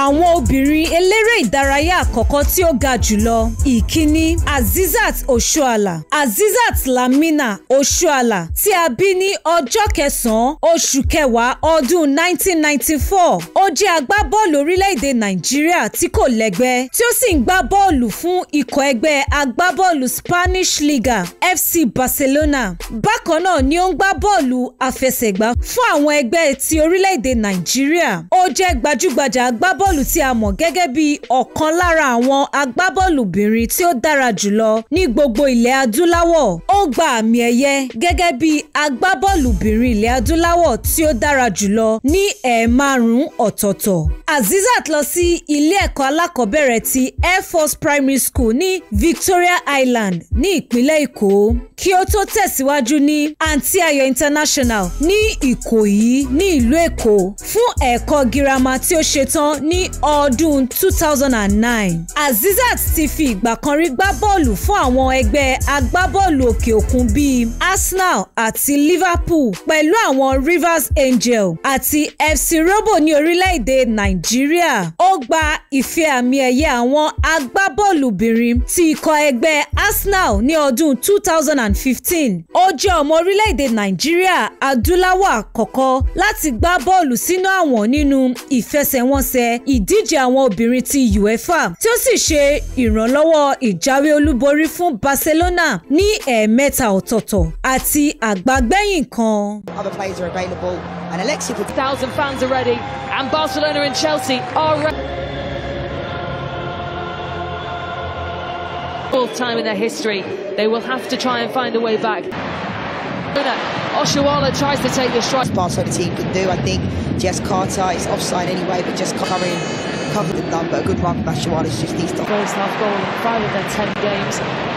àwọn obìnrin eléré ìdárayá àkọ́kọ́ tí ó ga jùlọ ìkíní Azizat Oshoala Azizat Lamina Oshoala tí a bí ní ọjọ́ kẹsàn-án oṣù kẹwàá ọdún 1994 ó jẹ́ agbábọ́ọ̀lù orílẹ̀-èdè Nàìjíríà tí kò lẹ́gbẹ́ tí ó sì ń gbá bọ́ọ̀lù fún ikọ̀ ẹgbẹ́ agbábọ́ọ̀lù Spanish Liga FC Barcelona bákan náà ni ó ń gbá bọ́ọ̀lù àfẹsẹ̀gbá fún àwọn ẹgbẹ́ ti orílẹ̀-èdè Nàìjíríà ó jẹ́ gbajúgbajà agbá agbábọ́ọ̀lù tí a mọ̀ gẹ́gẹ́ bí ọ̀kan lára àwọn agbábọ́ọ̀lùbìnrin tí ó dára jùlọ ní gbogbo ilẹ̀ adúláwọ̀ ó gba àmì ẹ̀yẹ gẹ́gẹ́ bí agbábọ́ọ̀lùbìnrin ilẹ̀ adúláwọ̀ tí ó dára jùlọ ní ẹ̀ẹ̀márùn-ún ọ̀tọ̀ọ̀tọ̀ Azizat lọ sí ilé ẹ̀kọ́ alákọ̀ọ́bẹ̀rẹ̀ ti Air Force Primary School ní Victoria Island ní ìpínlẹ̀ Èkó kí ó tó tẹ̀síwájú ní Aunty Ayọ̀ International ní Ìkòyí ní ìlú Èkó fún ẹ̀kọ́ girama tí ó ṣe ní ọdún 2009. Azizat ti fi ìgbà kan rí gbá bọ́ọ̀lù fún àwọn ẹgbẹ́ agbábọ́ọ̀lù òkè òkun bíi Arsenal àti Liverpool pẹ̀lú àwọn Rivers Angel àti FC Robo ní orílẹ̀-èdè Nàìjíríà. Ó gba ìfẹ́ àmì ẹ̀yẹ àwọn agbábọ́ọ̀lùbìnrin ti ikọ̀ ẹgbẹ́ Arsenal ní ọdún 2015. Ó jẹ́ ọmọ orílẹ̀-èdè Nàìjíríà adúláwọ̀ àkọ́kọ́ láti gbá bọ́ọ̀lù sínú àwọn nínú ìfẹsẹ̀wọnsẹ̀ ìdíje àwọn obìnrin ti UEFA tí ó sì ṣe ìrànlọ́wọ́ ìjáwé olúborí fún Barcelona ní ẹ̀ẹ̀mẹ́ta ọ̀tọ̀ọ̀tọ̀ àti àgbágbẹ́yìn kan. Other players are available and Alexia. Thousand fans are and Barcelona and Chelsea are Fourth time in their history, they will have to try and find a way back. Uh, Oshawa tries to take the strike. Pass what the team can do. I think Jess Carter is offside anyway, but just covering covering the number. A good run from is just needs to. First half goal in five of their ten games. Now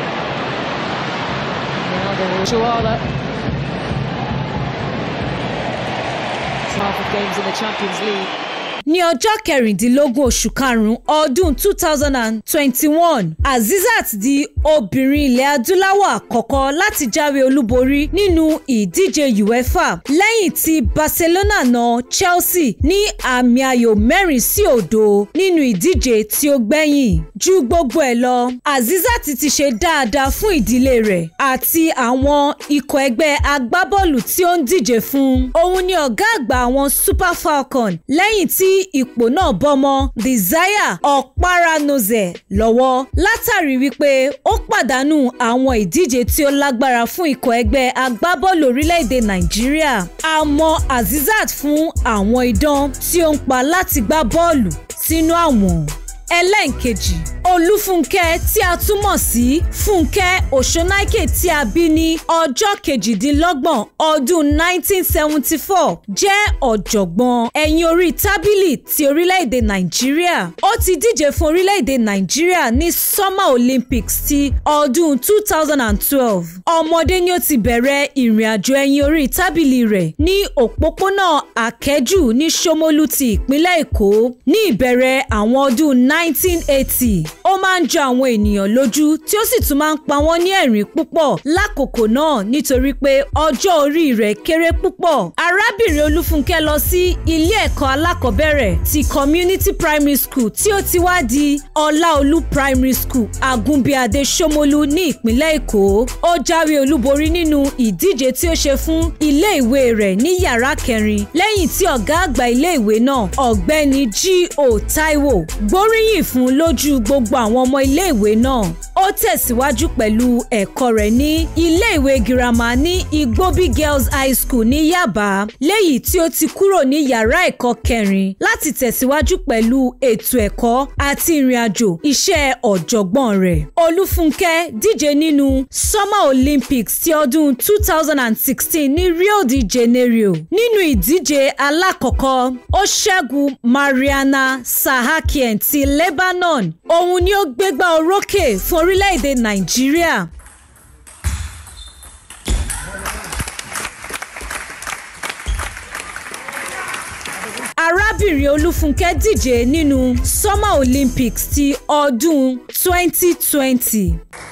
Half of games in the Champions League. ní ọjọ́ kẹrìndínlógún oṣù karùn-ún ọdún two thousand and twenty-one Azizat di obìnrin ilẹ̀ adúláwọ̀ àkọ́kọ́ láti jáwé olúborí nínú ìdíje UEFA lẹ́yìn tí Barcelona na Chelsea ní àmì ayò mẹ́rin sí òdo nínú ìdíje tí ó gbẹ̀yìn ju gbogbo ẹ̀ lọ Azizat ti ṣe dáadáa fún ìdílé rẹ̀ àti àwọn ikọ̀ ẹgbẹ́ agbábọ́ọ̀lù tí ó ń díje fún òun ni ọ̀gá àgbà àwọn Super Falcon lẹ́yìn tí ipò náà bọ́mọ Desire Okparanuze lọ́wọ́ látàrí wípé ó pàdánù àwọn ìdíje tí ó lágbára fún ikọ̀ ẹgbẹ́ agbábọ́ọ̀lù orílẹ̀-èdè Nàìjíríà a mọ̀ Azizat fún àwọn idán tí ó ń pa láti gbá bọ́ọ̀lù sínú àwọn ẹlẹ́ǹkejì olúfúnkẹ́ tí a túmọ̀ sí fúnkẹ́ òṣónáìkè tí a bí ní ọjọ́ kejìdínlọ́gbọ̀n ọdún 1974 jẹ́ ọ̀jọ̀gbọ́n ẹ̀yìn orí tábìlì ti orílẹ̀-èdè nàìjíríà ó ti díje fún orílẹ̀-èdè nàìjíríà ní summer olympics ti ọdún 2012 ọmọdé ni ó ti bẹ̀rẹ̀ ìrìn àjò ẹ̀yìn orí tábìlì rẹ̀ ní òpópónà àkẹ́jù ní Ṣómólú ti ìpínlẹ̀ èkó ní ìbẹ̀rẹ̀ àwọn ọdún 1980 ó máa ń jọ àwọn ènìyàn lójú tí ó sì tún máa ń pa wọ́n ní ẹ̀rín púpọ̀ lákòókò náà nítorí pé ọjọ́ orí rẹ̀ kéré púpọ̀ arábìnrin olúfúnkẹ́ lọ sí ilé ẹ̀kọ́ alákọ̀ọ́bẹ̀rẹ̀ ti community primary school tí ó ti wá di ọláolú primary school àgúnbíadé ṣómolú ní ìpínlẹ̀ èkó ó jáwé olúborí nínú ìdíje tí ó ṣe fún ilé ìwé rẹ̀ ní yàrá kẹrin lẹ́yìn tí ọ̀gá àgbà ilé ìwé náà ọ̀gbẹ́ni G.O. Taiwo gbóríyìn fún lójú gbogbo àwọn ọmọ iléèwé náà ó tẹ̀síwájú pẹ̀lú ẹ̀kọ́ rẹ̀ ní iléèwé girama ní Igbobi Girls High School ní Yaba léyìí tí ó ti kúrò ní yàrá ẹ̀kọ́ kẹrin láti tẹ̀síwájú pẹ̀lú ètò ẹ̀kọ́ àti ìrìnàjò iṣẹ́ ọ̀jọ̀gbọ́n rẹ̀ Olúfúnkẹ́ díje nínú Summer Olympics ti ọdún 2016 ní Rio de Janeiro nínú ìdíje alákọ̀ọ́kọ́ ó ṣẹ́gun Mariana Sahakien ti Lebanon òun ni ó gbégbá orókè fún orílẹ̀-èdè nàìjíríà. arábìnrin olúfúnkẹ́ díje nínú summer olympics ti ọdún 2020.